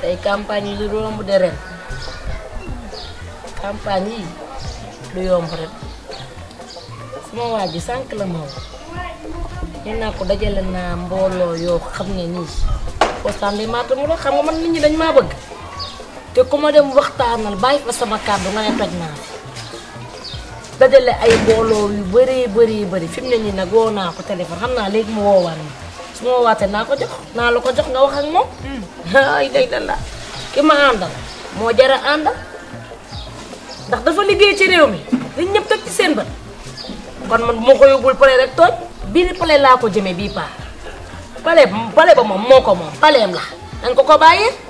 tey campagne yi du kampanye de ren campagne yi du yomb ren sama waa ji la moom nee ko dajale naa mbooloo yoo xam ne nii waxtaan bi maa xam nga man nit ñi dañ maa dajale ay mbooloo yu bëree bëri bëri fi mu ne nii nag woo naa ko téléphone xam naa léegi mu woowaat ma su ma woowaatee naa ko jox naa la ko jox nga wax ak moom. Hmm. ay day dalla ki ma àndal moo jara àndal ndax dafa liggéey ci réew mi li ñëpp teg ci seen bët kon man bu ma ko yóbbul pale rek tooj bii pale laa ko jëmee bii paa pale pale ba moom moo ko moom paleem la danga ko ko bàyyee.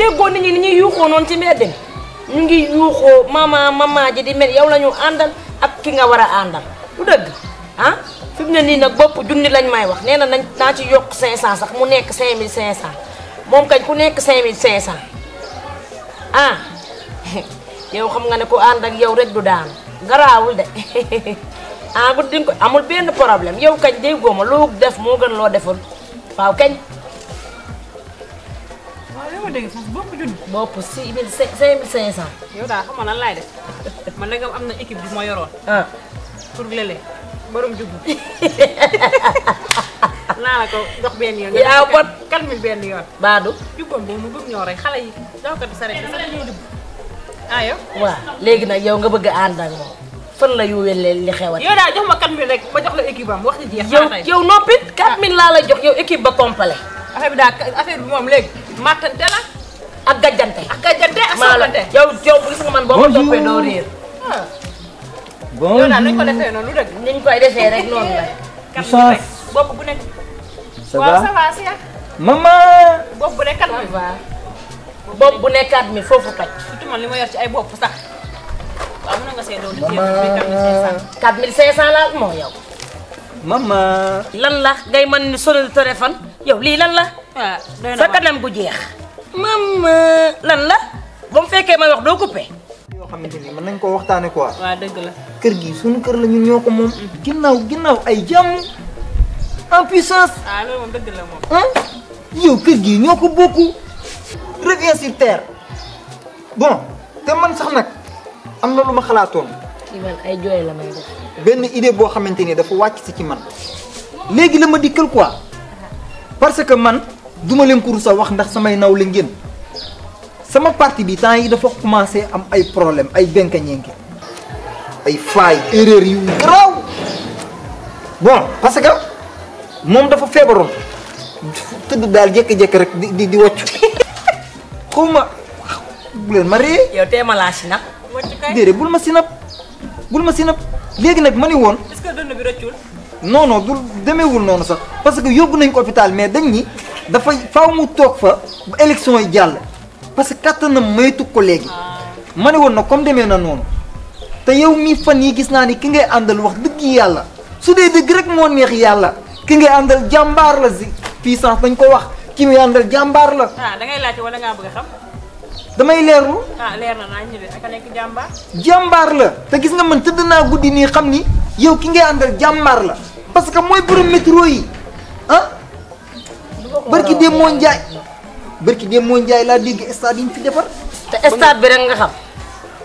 déggoo nit ñi ni ñuy yuuxoo noonu ci mbedd ñu ngi yuuxoo mama mama ji di mel yow lañu andal ak ki nga wara andal du deug han ah, fi mu ne nii nag bopp junni lañ may wax neena nañ naa ci yok 500 sax mu nekk 5500 mom kañ ku nekk 5500 han ah, yow xam nga ne ko and ak yow rek du daan grawul de ah bu ding ko amul ben problème yow kañ déggoo ma loo def mo gën lo defal waaw kañ. yow dégg nga foofu bopp junni. bopp si mille cinq mille cinq cent. yow daal xam nga lan laay def man nag am na équipe bi ma yoroon. Ah. pour lele borom jubbu. naa la ko dox benn yoon. yaa bot calmé benn yoon. baadu. jubboon boobu mu bëgg ñoo rek xale yi dawkat sareet bi sax dañoo dugg. ah yow. waaw léegi nag yow nga bëgg a ànd ak moom. fan la yu welee li xewat yow daal jox ma 4000 rek ma jox la équipe am wax ji jeex. yow yow noppi 4000 laa la jox yow équipe ba complet. affaire bi daal affaire bi moom léegi. màttante la ak gàjjante ak gàjjante ak soppante yow yow gis nga man boo ko toppee doo réer bonjour yow daal nañu ko defee noonu lu dëgg ni ñu koy defee rek noonu la kat bopp bu nekk ça va waaw ça va si maman bopp bu nekkat mi bopp bu nekkat mi foofu toj surtout man li ma yor ci ay bopp sax waaw mën nga see doon di quatre mille cinq cent la ak moo yow maman lan la ngay mën ni sonal téléphone yow lii lan la waaw doy Mama, sa kat lan gu jeex. mam lan la ba mu fekkee wax doo coupé. yoo xamante ni nañ koo waxtaanee quoi. waaw dëgg la. kër gi suñu kër la ñun ñoo ko moom. Mm. ginnaaw ay jàmm en puissance. ah la gi sur terre. bon te man sax am na lu ma xalaatoon. kii man ay jooy la may def. benn idée boo xamante dafa si ci man. léegi la ma quoi. parce que man. duma leen ko rusal wax ndax samay naw la ngeen sama parti bi temps yi dafa commencé am ay problème ay benk ñenke ay faay erreur yu garaaw bon parce que moom dafa feebaroon tëdd daal jékki-jékki rek di di di wàccu bu leen ma ree ma laa si nag déedéet bul ma si nap bul ma si nap léegi nag ma ni woon est-ce que dund bi rëccul non non du demeewul noonu sax parce que yóbbu nañ ko mais dañ ñi dafa faaw mu toog fa ba élection yi jàll parce que kattanam maytu ko léegi ah. ma ne woon na comme demee na noonu te yow mii fan yi gis naa ni ki ngay àndal wax dëgg yàlla su dee dëgg rek moo neex yàlla ki ngay àndal jàmbaar la si puissance dañ ko wax ki muy àndal jàmbaar la. ah da ngay laajte wala ngaa bëgg xam. damay leerlu. ah leer na naa ñëwee ak a nekk jàmbaar. jàmbaar la te gis nga man tëdd naa guddi nii xam ni yow ki ngay àndal jàmbaar la parce que mooy borom métro yi. barki mo Ndiaye barki Demba Ndiaye laa dégg stade yi berengah fi defar. te stade bi rek nga xam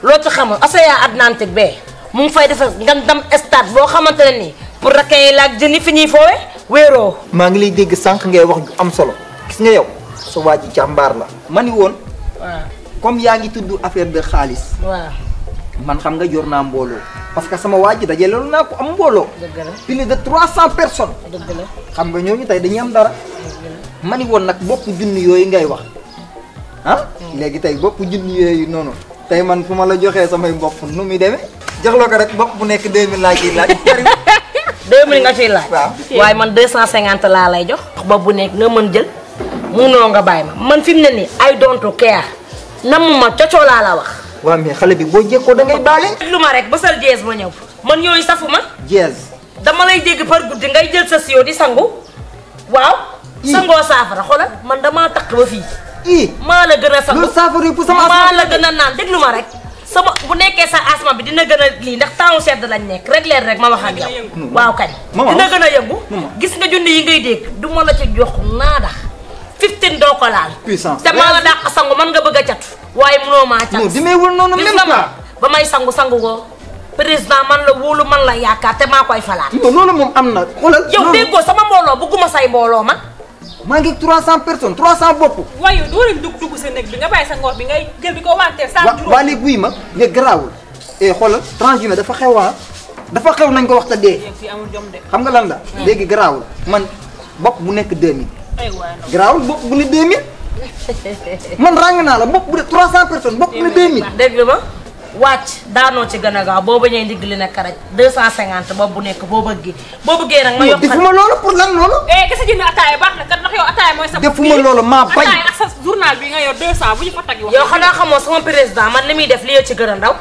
lo ci xam asaya Atlantique be mu ngi fay defar ngandam stade boo xamante ne pour rakay yi jeni fi ni fowé wéro ma ngi lay dégg sank ngay wax am solo gis nga yow so waji jambar la. ma won comme ya ngi tuddu affaire de khalis man xam nga jorna mbolo parce que sama waji dajé dajale nako am mbolo plus de 300 personnes. la xam nga ñu tay dañuy am dara. man ni woon nag bopp junni yooyu ngay wax ah. Mm. léegi tey bopp junni yooyu noonu tey man fu ma la joxee samay bopp nu muy demee jox la ko rek bopp bu nekk 2000 laa ciy laaj. 2000 nga ciy laaj. waaw waaye man 250 laa lay jox. bopp bu nekk nga mën jël munoo nga bàyyi ma man fi mu ne nii ay dontu keex namm ma cocoo laa la wax. waaw mais xale bi boo jékkoo da ngay baale. lu ma rek bësal jeez ma ñëw man yooyu safu ma. jeez. dama lay dégg par guddi ngay jël sa siyo di sangu waaw. sangoo saafara xoolal man damaa takk ba fii. ii maa la gën a sangu saafara pour sama maa la gën a naan lu ma rek. sama bu nekkee sa asma bi dina gën a lii ndax temps sedd lañ nekk rek leer rek ma wax ak yow. waaw kañ. dina gën a yëngu. gis nga junni yi ngay dégg du ma la ci jox naada. fifteen doo ko laal. puissance te maa la dàq sangu man nga bëgg a catu. waaye mënoo maa catu. demeewul noonu même pas ba may sangu sangu ko président man la wóolu man la yaakaar te maa koy falaat. non loolu moom am na. xoolal yow déggoo sama mbooloo bëgguma say mbooloo ma. maa ngi 300 personnes 300 bopp. waaye yow doo leen dugg dugg sa nekk bi nga bàyyi sa ngoor bi ngay jël bi ko wanteer. saa juróom waa léegi wuy ma nga garaawul. et eh, xoolal transhumé dafa xew ah dafa xew nañ ko wax te dee. xam nga lan la. Hmm. léegi garaawul man bopp bu nekk 2000. aywa garaawul bopp bu ne 2000. man ràng naa la bopp bu ne 300 personnes bopp ne 2000. dégg wàcc daanoo ci gën a gaaw boo bañee ndigg li ne karaj 250 boobu bu nekk boo bëggee boo bëggee nag ma yokk defuma loolu pour lan loolu eh kese jënd ataaya baax na kat ndax yow ataaya mooy defuma loolu maa bañ journal bi nga yor 200 bu ñu fa tag wax xanaa xamoo sama président man li muy def li yow ci gën a ndaw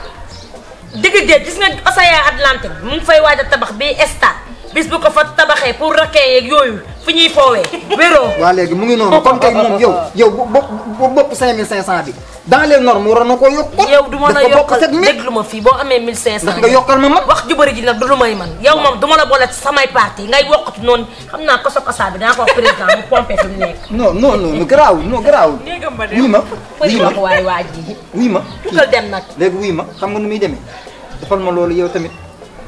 digg géej gis nga océan Atlantique mu ngi fay waaj a tabax bi stade bis bu ko fa tabaxee pour rakkee yeeg yooyu fu ñuy foowee wéroo waa léegi mu ngi noonu comme tey moom yow yow bopp 5500 bi dans les normes waroon na ko yokkal. yow du ma la yokkal déglu ma fii boo amee 1500. ndax nga yokkal ma man wax ju bëri ji nag du lu may man yow moom du ma la boole samay parti ngay wokkati noonu xam naa koso kosaa bi dinaa ko wax président mu pompé fi mu nekk. non non non garaaw non garaaw. néegam ba de wuy ma wuy ma waay waay ji. wuy ma tukkal dem nag. léegi wuy ma xam nga nu muy demee defal ma loolu yow tamit.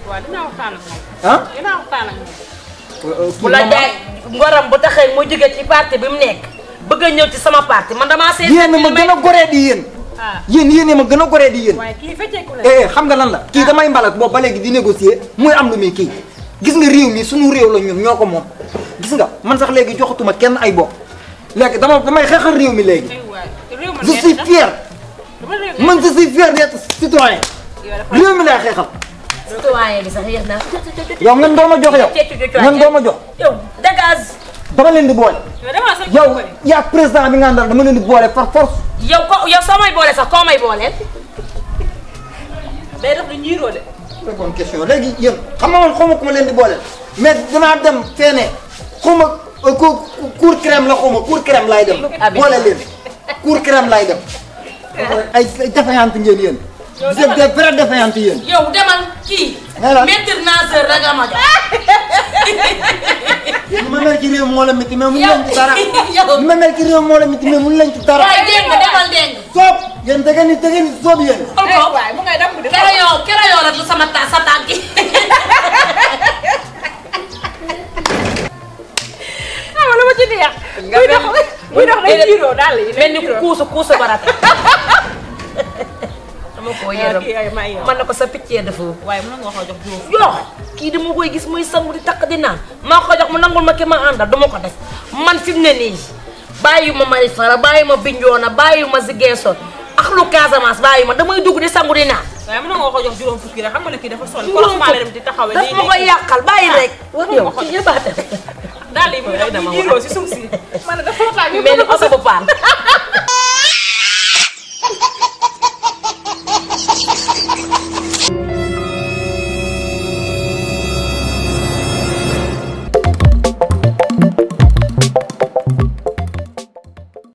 waaw dinaa waxtaan ak moom. ah dinaa waxtaan ak moom. bu la jaay ngoram bu taxee mu jóge ci parti bi mu nekk. bëgg a ñëw sama parti man damaa seet. yéen ma gën a goree di yéen. Ah. yéen yéen ma gën a goree di yéen. waaye kii fecceeku la eh, eh, xam nga lan la. kii ah. damay mbalak boobu ba léegi di négocier muy am lu muy kii. gis nga réew mi suñu réew la ñun ñoo ko moom gis nga man sax léegi joxatuma kenn ay bopp léegi dama damay xeexal réew mi léegi. je suis fier man je suis fier d'être citoyen réew mi lay xeexal. citoyen bi sax yéex na. yow man doo ma jox yow. man doo ma jox. yow dégage. dama leen di boole. yow yaa président bi nga àndal dama leen di boole par force. yow ko yow soo may boole sax koo may booleel. day def lu ñuy roole. très bonne question léegi yéen ma di booleel dem feene xaw ma euh, ku cour crème la xaw ma cour crème laay dem. Ah, boole leen cour crème laay dem. ay défaillante ngeen yéen. yow demal des vrais a ma nimamal ki réew moo la métti mais mun leen ci dara nimamal ki réew moo la métti mais mun leen ci dara dégg nga demal dégg soob yéen da ngeen ni da ngeen ni soob yéen waay mu ngay sama ta sa tànk ama la ma ci neex buy dox buy dox day jiiroo daal yi mel ni barata ma koo ah, yërëm man na ko sa picc dafa waaye mën ko jox jox kii dama koy gis muy sangu di takk di naan maa ko jox mu nangul ma ki ma àndal duma ko def man fi mu ne nii bàyyi ma mari fara bàyyi ma binjoona bàyyi ma Ziguinchor ak lu Casamance bàyyi ma damay dugg di sangu di naan waaye mën nga ko jox juróom fukki rek xam nga ne kii dafa sonn ko ma la di taxawee daf ma koy yàqal bàyyi ah, rek yow ci yëbaate daal yi ma dama wax ci suuf si man dafa tàng mel ni oto bu paan